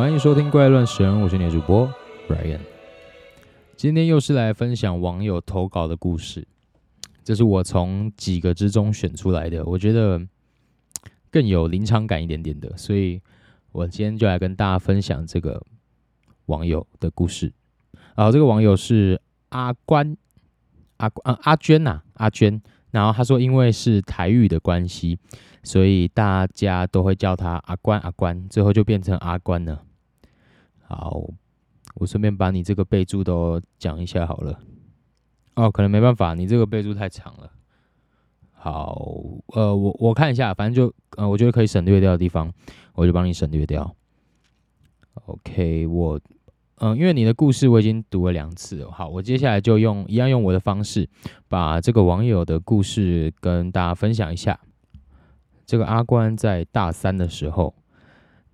歡迎收聽《怪亂神》，我是你的主播 Ryan。今天又是來分享網友投稿的故事，這是我從幾個之中選出來的，我覺得更有臨場感一點點的，所以我今天就來跟大家分享這個網友的故事。啊，這個網友是阿關、阿、啊、阿、啊、娟吶、啊，阿、啊、娟。然後他說，因為是台語的關係，所以大家都會叫他阿關、阿關，最後就變成阿關了。好，我順便把你這個備註都講一下好了。哦，可能沒辦法，你這個備註太長了。好，呃，我我看一下，反正就呃，我覺得可以省略掉的地方，我就幫你省略掉。OK，我嗯、呃，因為你的故事我已經讀了兩次了，好，我接下來就用一樣用我的方式，把這個網友的故事跟大家分享一下。這個阿娟在大三的時候。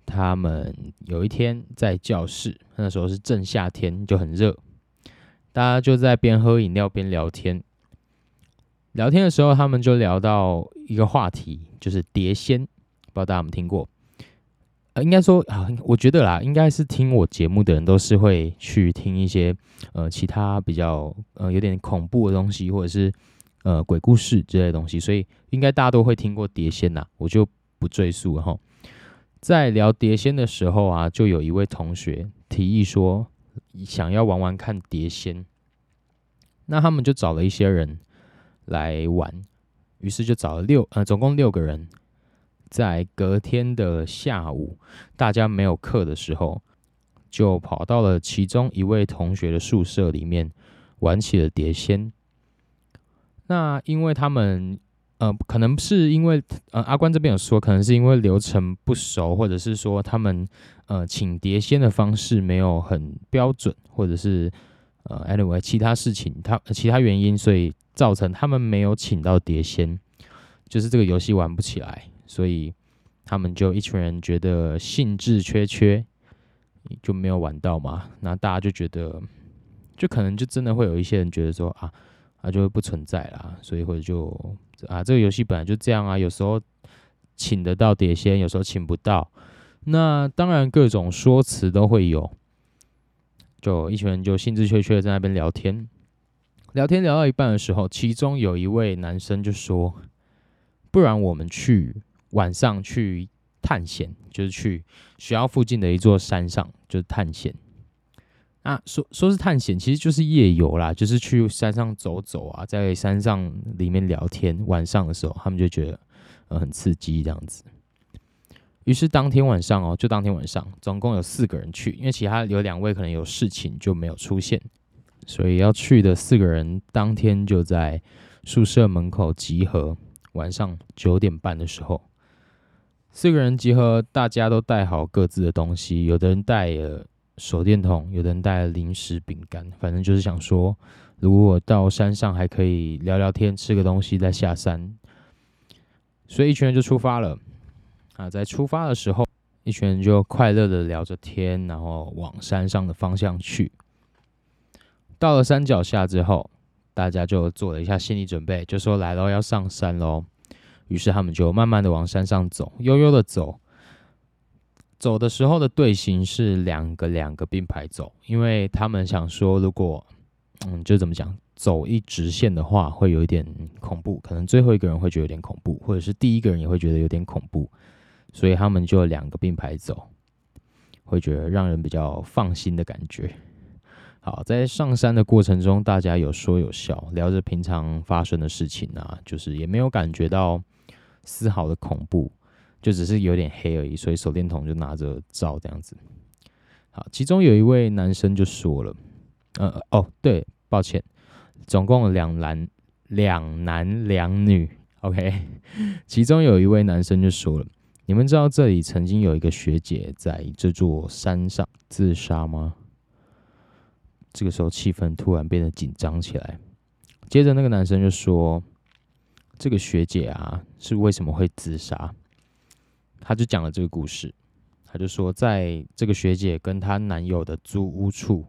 他們有一天在教室，那時候是正夏天，就很熱，大家就在邊喝飲料邊聊天。聊天的時候，他們就聊到一個話題，就是碟仙，不知道大家有沒有聽過？呃，應該說啊，我覺得啦，應該是聽我節目的人都是會去聽一些呃其他比較呃有點恐怖的東西，或者是呃鬼故事之類的東西，所以應該大家都會聽過碟仙吶，我就不贅述了哈。在聊碟仙的時候啊，就有一位同學提議說，想要玩玩看碟仙。那他們就找了一些人來玩，於是就找了六，呃，總共六個人，在隔天的下午，大家沒有課的時候，就跑到了其中一位同學的宿舍裡面，玩起了碟仙。那因為他們。呃，可能是因為呃，阿娟這邊有說，可能是因為流程不熟，或者是說他們呃請碟仙的方式沒有很標準，或者是呃 anyway 其他事情他，他、呃、其他原因，所以造成他們沒有請到碟仙，就是這個遊戲玩不起來，所以他們就一群人覺得興致缺缺，就沒有玩到嘛。那大家就覺得，就可能就真的會有一些人覺得說啊。啊，就會不存在啦，所以會就啊，這個遊戲本來就這樣啊，有時候請得到碟仙，有時候請不到。那當然各種說辭都會有，就一群人就興致缺缺在那邊聊天，聊天聊到一半的時候，其中有一位男生就說：“不然我們去晚上去探險，就是去學校附近的一座山上，就是探險。”啊，說說是探險，其實就是夜遊啦，就是去山上走走啊，在山上裡面聊天。晚上的時候，他們就覺得，呃，很刺激這樣子。於是當天晚上哦，就當天晚上，總共有四個人去，因為其他有兩位可能有事情就沒有出現，所以要去的四個人當天就在宿舍門口集合。晚上九點半的時候，四個人集合，大家都帶好各自的東西，有的人帶了。手電筒，有的人帶了零食、餅乾，反正就是想說，如果我到山上還可以聊聊天、吃個東西再下山，所以一群人就出發了。啊，在出發的時候，一群人就快樂的聊着天，然後往山上的方向去。到了山腳下之後，大家就做了一下心理準備，就說來咯，要上山咯，於是他們就慢慢的往山上走，悠悠的走。走的時候的隊形是兩個兩個並排走，因為他們想說，如果嗯，就怎麼講，走一直線的話會有一點恐怖，可能最後一個人會覺得有點恐怖，或者是第一個人也會覺得有點恐怖，所以他們就兩個並排走，會覺得讓人比較放心的感覺。好，在上山的過程中，大家有說有笑，聊着平常發生的事情啊，就是也沒有感覺到絲毫的恐怖。就只是有點黑而已，所以手電筒就拿着照這樣子。好，其中有一位男生就說了：“呃，哦，對，抱歉，總共兩男兩男兩女。OK ” OK， 其中有一位男生就說了：“你們知道這裡曾經有一個學姐在這座山上自殺嗎？”這個時候氣氛突然變得緊張起來。接着那個男生就說：“這個學姐啊，是為什麼會自殺？”他就講了這個故事，他就說，在這個學姐跟她男友的租屋處，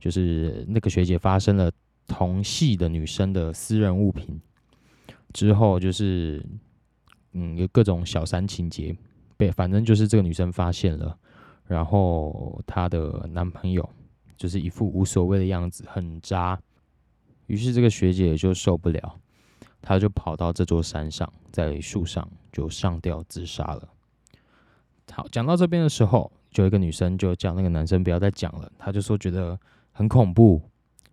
就是那個學姐發生了同系的女生的私人物品之後，就是嗯，有各種小三情節，被，反正就是這個女生發現了，然後她的男朋友就是一副無所謂的樣子，很渣，於是這個學姐就受不了。他就跑到這座山上，在樹上就上吊自殺了。好，講到這邊的時候，就一個女生就叫那個男生不要再講了。他就說覺得很恐怖，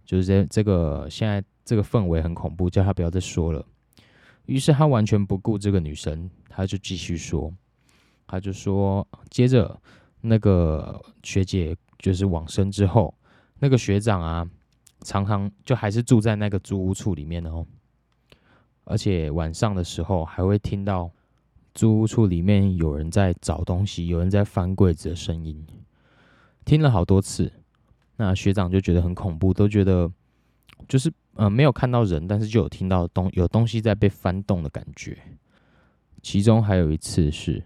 就是這這個現在這個氛圍很恐怖，叫他不要再說了。於是他完全不顧這個女生，他就繼續說。他就說，接着那個學姐就是往生之後，那個學長啊，常常就還是住在那個租屋處裡面的哦。而且晚上的時候還會聽到，租屋處裡面有人在找東西，有人在翻櫃子的聲音。聽了好多次，那學長就覺得很恐怖，都覺得就是呃沒有看到人，但是就有聽到東有東西在被翻動的感覺。其中還有一次是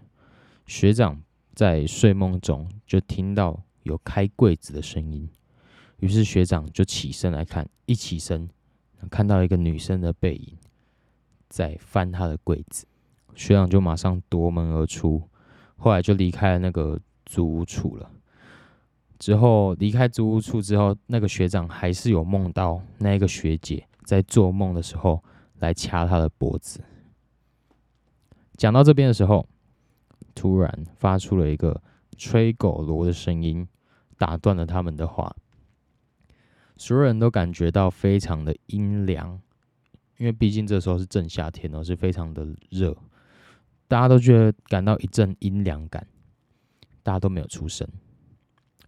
學長在睡夢中就聽到有開櫃子的聲音，於是學長就起身來看，一起身看到一個女生的背影。在翻他的櫃子，學長就馬上奪門而出，後來就離開了那個租屋處了。之後離開租屋處之後，那個學長還是有夢到那個學姐在做夢的時候來掐他的脖子。講到這邊的時候，突然發出了一個吹狗螺的聲音，打斷了他們的話。所有人都感覺到非常的陰涼。因為畢竟這時候是正夏天哦，是非常的熱，大家都覺得感到一陣陰涼感，大家都沒有出聲。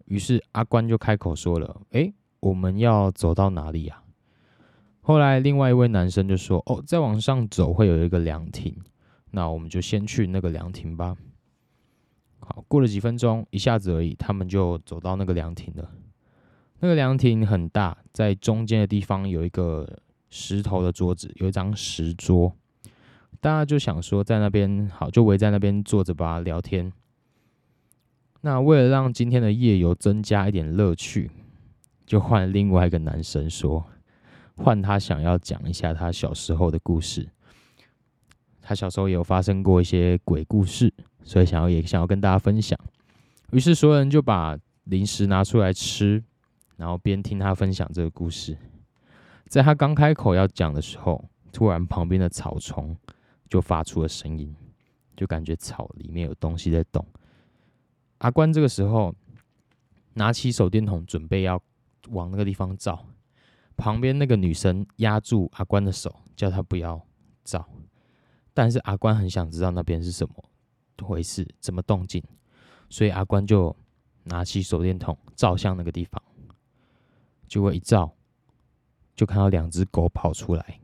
於是阿關就開口說了：“哎、欸，我們要走到哪裡呀、啊？”後來另外一位男生就說：“哦，再往上走會有一個涼亭，那我們就先去那個涼亭吧。”好，過了幾分鐘，一下子而已，他們就走到那個涼亭了。那個涼亭很大，在中間的地方有一個。石頭的桌子，有一張石桌，大家就想說在那邊好，就圍在那邊坐着吧，聊天。那為了讓今天的夜遊增加一點樂趣，就換另外一個男生說，換他想要講一下他小時候的故事。他小時候也有發生過一些鬼故事，所以想要，也想要跟大家分享。於是所有人就把零食拿出來吃，然後邊聽他分享這個故事。在他剛開口要講的時候，突然旁邊的草叢就發出了聲音，就感覺草裡面有東西在動。阿關這個時候拿起手電筒，準備要往那個地方照。旁邊那個女生壓住阿關的手，叫他不要照。但是阿關很想知道那邊是什麼回事，怎麼動靜，所以阿關就拿起手電筒照向那個地方，結果一照。就看到兩隻狗跑出來，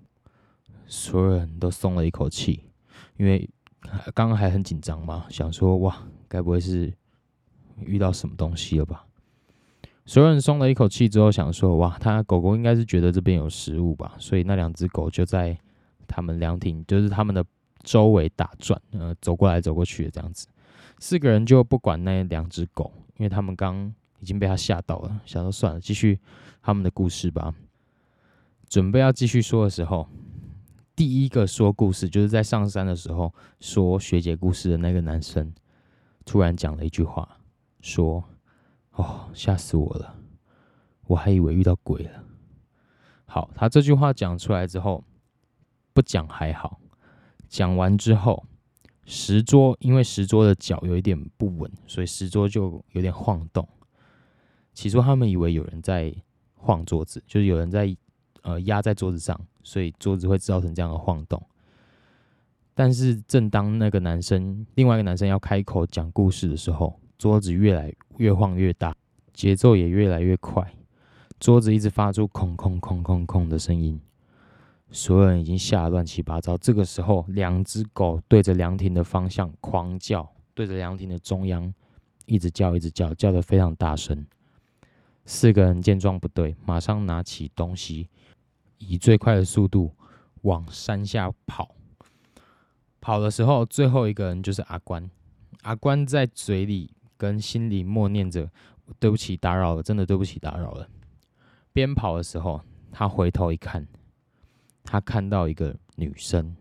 所有人都鬆了一口氣，因為剛剛還很緊張嘛，想說哇，該不會是遇到什麼東西了吧？所有人鬆了一口氣之後，想說哇，他的狗狗應該是覺得這邊有食物吧，所以那兩隻狗就在他們涼亭，就是他們的周圍打轉，呃，走過來走過去的這樣子。四個人就不管那兩隻狗，因為他們剛已經被它嚇到了，想說算了，繼續他們的故事吧。準備要繼續說的時候，第一個說故事就是在上山的時候說學姐故事的那個男生，突然講了一句話，說：“哦，嚇死我了！我還以為遇到鬼了。”好，他這句話講出來之後，不講還好，講完之後，石桌因為石桌的腳有一點不穩，所以石桌就有點晃動。起初他們以為有人在晃桌子，就是有人在。呃，壓在桌子上，所以桌子會造成這樣的晃動。但是，正當那個男生，另外一個男生要開口講故事的時候，桌子越來越晃越大，節奏也越來越快，桌子一直發出“空空空空空”的聲音。所有人已經嚇得亂七八糟。這個時候，兩隻狗對着涼亭的方向狂叫，對着涼亭的中央一直叫，一直叫，叫得非常大聲。四個人見狀不對，馬上拿起東西。以最快的速度往山下跑。跑的時候，最後一個人就是阿關。阿關在嘴裡跟心裡默念着：“對不起，打擾了，真的對不起，打擾了。”邊跑的時候，他回頭一看，他看到一個女生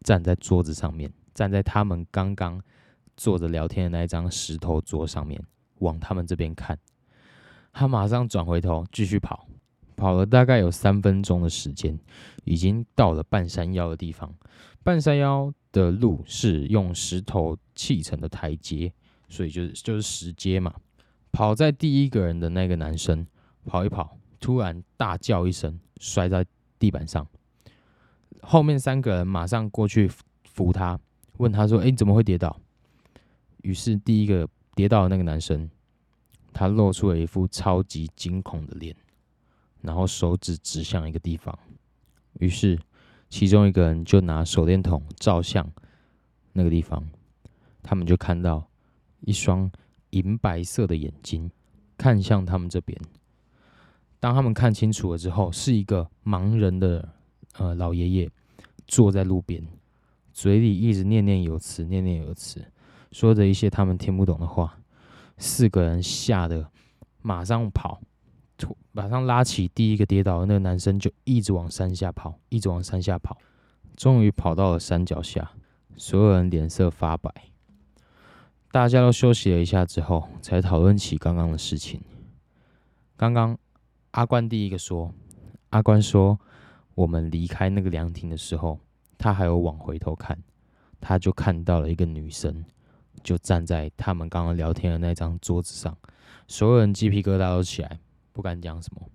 站在桌子上面，站在他們剛剛坐着聊天的那一張石頭桌上面，往他們這邊看。他馬上轉回頭，繼續跑。跑了大概有三分鐘的時間，已經到了半山腰的地方。半山腰的路是用石頭砌成的台階，所以就就是石階嘛。跑在第一個人的那個男生跑一跑，突然大叫一聲，摔在地板上。後面三個人馬上過去扶他，問他說：“哎，你怎麼會跌倒？”於是第一個跌倒的那個男生，他露出了一副超級驚恐的臉。然後手指指向一個地方，於是其中一個人就拿手電筒照向那個地方，他們就看到一雙銀白色的眼睛看向他們這邊。當他們看清楚了之後，是一個盲人的呃老爺爺坐在路邊，嘴裡一直念念有詞，念念有詞，說着一些他們聽不懂的話。四個人嚇得馬上跑。馬上拉起第一個跌倒的那個男生，就一直往山下跑，一直往山下跑，終於跑到了山腳下。所有人臉色發白，大家都休息了一下之後，才討論起剛剛的事情。剛剛阿關第一個說：“阿關說，我們離開那個涼亭的時候，他還有往回頭看，他就看到了一個女生，就站在他們剛剛聊天的那張桌子上。所有人雞皮疙瘩都起來。”不敢講什麼。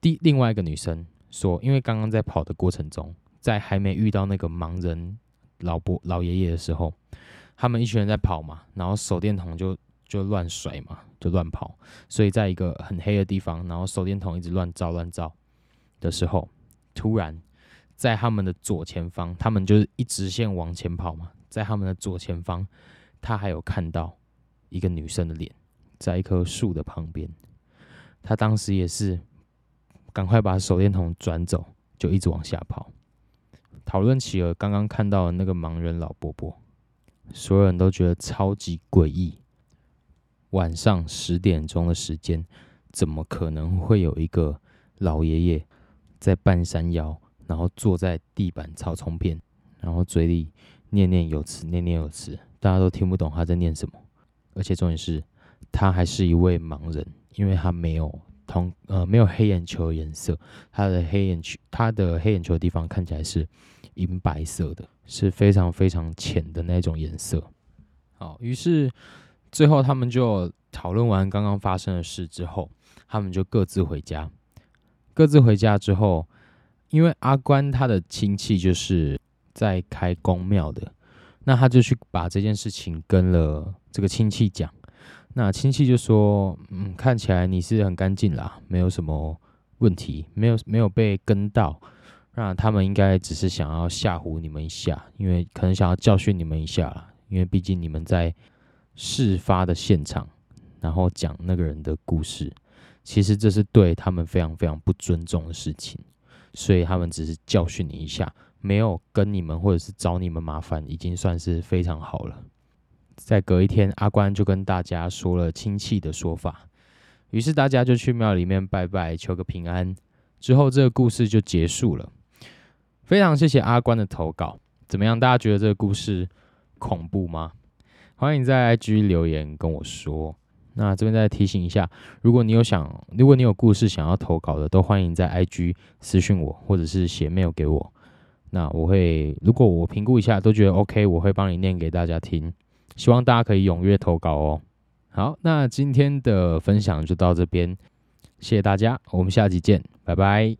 第另外一個女生說：“因為剛剛在跑的過程中，在還沒遇到那個盲人老伯老爺爺的時候，他們一群人在跑嘛，然後手電筒就就亂甩嘛，就亂跑。所以在一個很黑的地方，然後手電筒一直亂照亂照的時候，突然在他們的左前方，他們就是一直線往前跑嘛，在他們的左前方，他還有看到一個女生的臉，在一棵樹的旁邊。”他當時也是，趕快把手電筒轉走，就一直往下跑。討論起了剛剛看到的那個盲人老伯伯，所有人都覺得超級詭異。晚上十點鐘的時間，怎麼可能會有一個老爺爺在半山腰，然後坐在地板草叢邊，然後嘴裡念念有詞，念念有詞，大家都聽不懂他在念什麼。而且重點是，他還是一位盲人。因為它沒有同呃沒有黑眼球顏色，它的黑眼球它的黑眼球的地方看起來是銀白色的，是非常非常淺的那種顏色。好，於是最後他們就討論完剛剛發生的事之後，他們就各自回家。各自回家之後，因為阿關他的親戚就是在開宮廟的，那他就去把這件事情跟了這個親戚講。那親戚就說，嗯，看起來你是很乾淨啦，沒有什麼問題，沒有沒有被跟到。那他們應該只是想要嚇唬你們一下，因為可能想要教訓你們一下啦，因為畢竟你們在事發的現場，然後講那個人的故事，其實這是對他們非常非常不尊重的事情，所以他們只是教訓你一下，沒有跟你們或者是找你們麻煩，已經算是非常好了。再隔一天，阿娟就跟大家說了親戚的說法，於是大家就去廟裡面拜拜，求個平安。之後這個故事就結束了。非常謝謝阿娟的投稿。怎麼樣？大家覺得這個故事恐怖嗎？歡迎在 IG 留言跟我說。那這邊再提醒一下，如果你有想，如果你有故事想要投稿的，都歡迎在 IG 私訊我，或者是寫 mail 給我。那我會，如果我評估一下都覺得 OK，我會幫你念給大家聽。希望大家可以踴躍投稿哦。好，那今天的分享就到這邊，謝謝大家，我們下集見，拜拜。